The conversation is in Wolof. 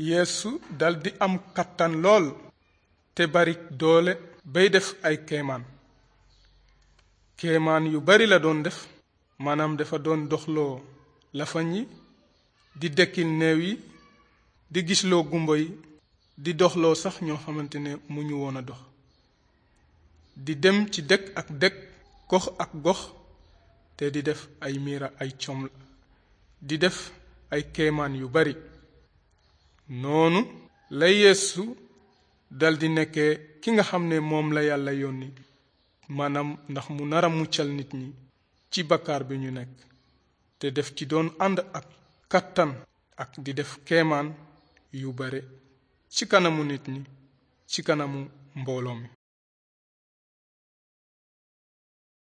yéesu daldi am kattan lool te bari doole bay def ay kéemaan kéemaan yu bari la doon def maanaam dafa doon doxloo lafañ yi di dekkil néew yi di gisloo gumba yi di doxloo sax ñoo xamante ne mu ñu woon dox di dem ci dëkk ak dëkk gox ak gox te di def ay miira ay com di def ay kéemaan yu bari noonu la yéesu daldi nekke ki nga xam ni moom la yàlla yónni maanaam ndax mu nar a muccal nit ñi ci bakkaar bi ñu nekk te def ci doon ànd ak kattan ak di def kemaan yu bare ci kanamu nit ñi ci kanamu mbooloo mi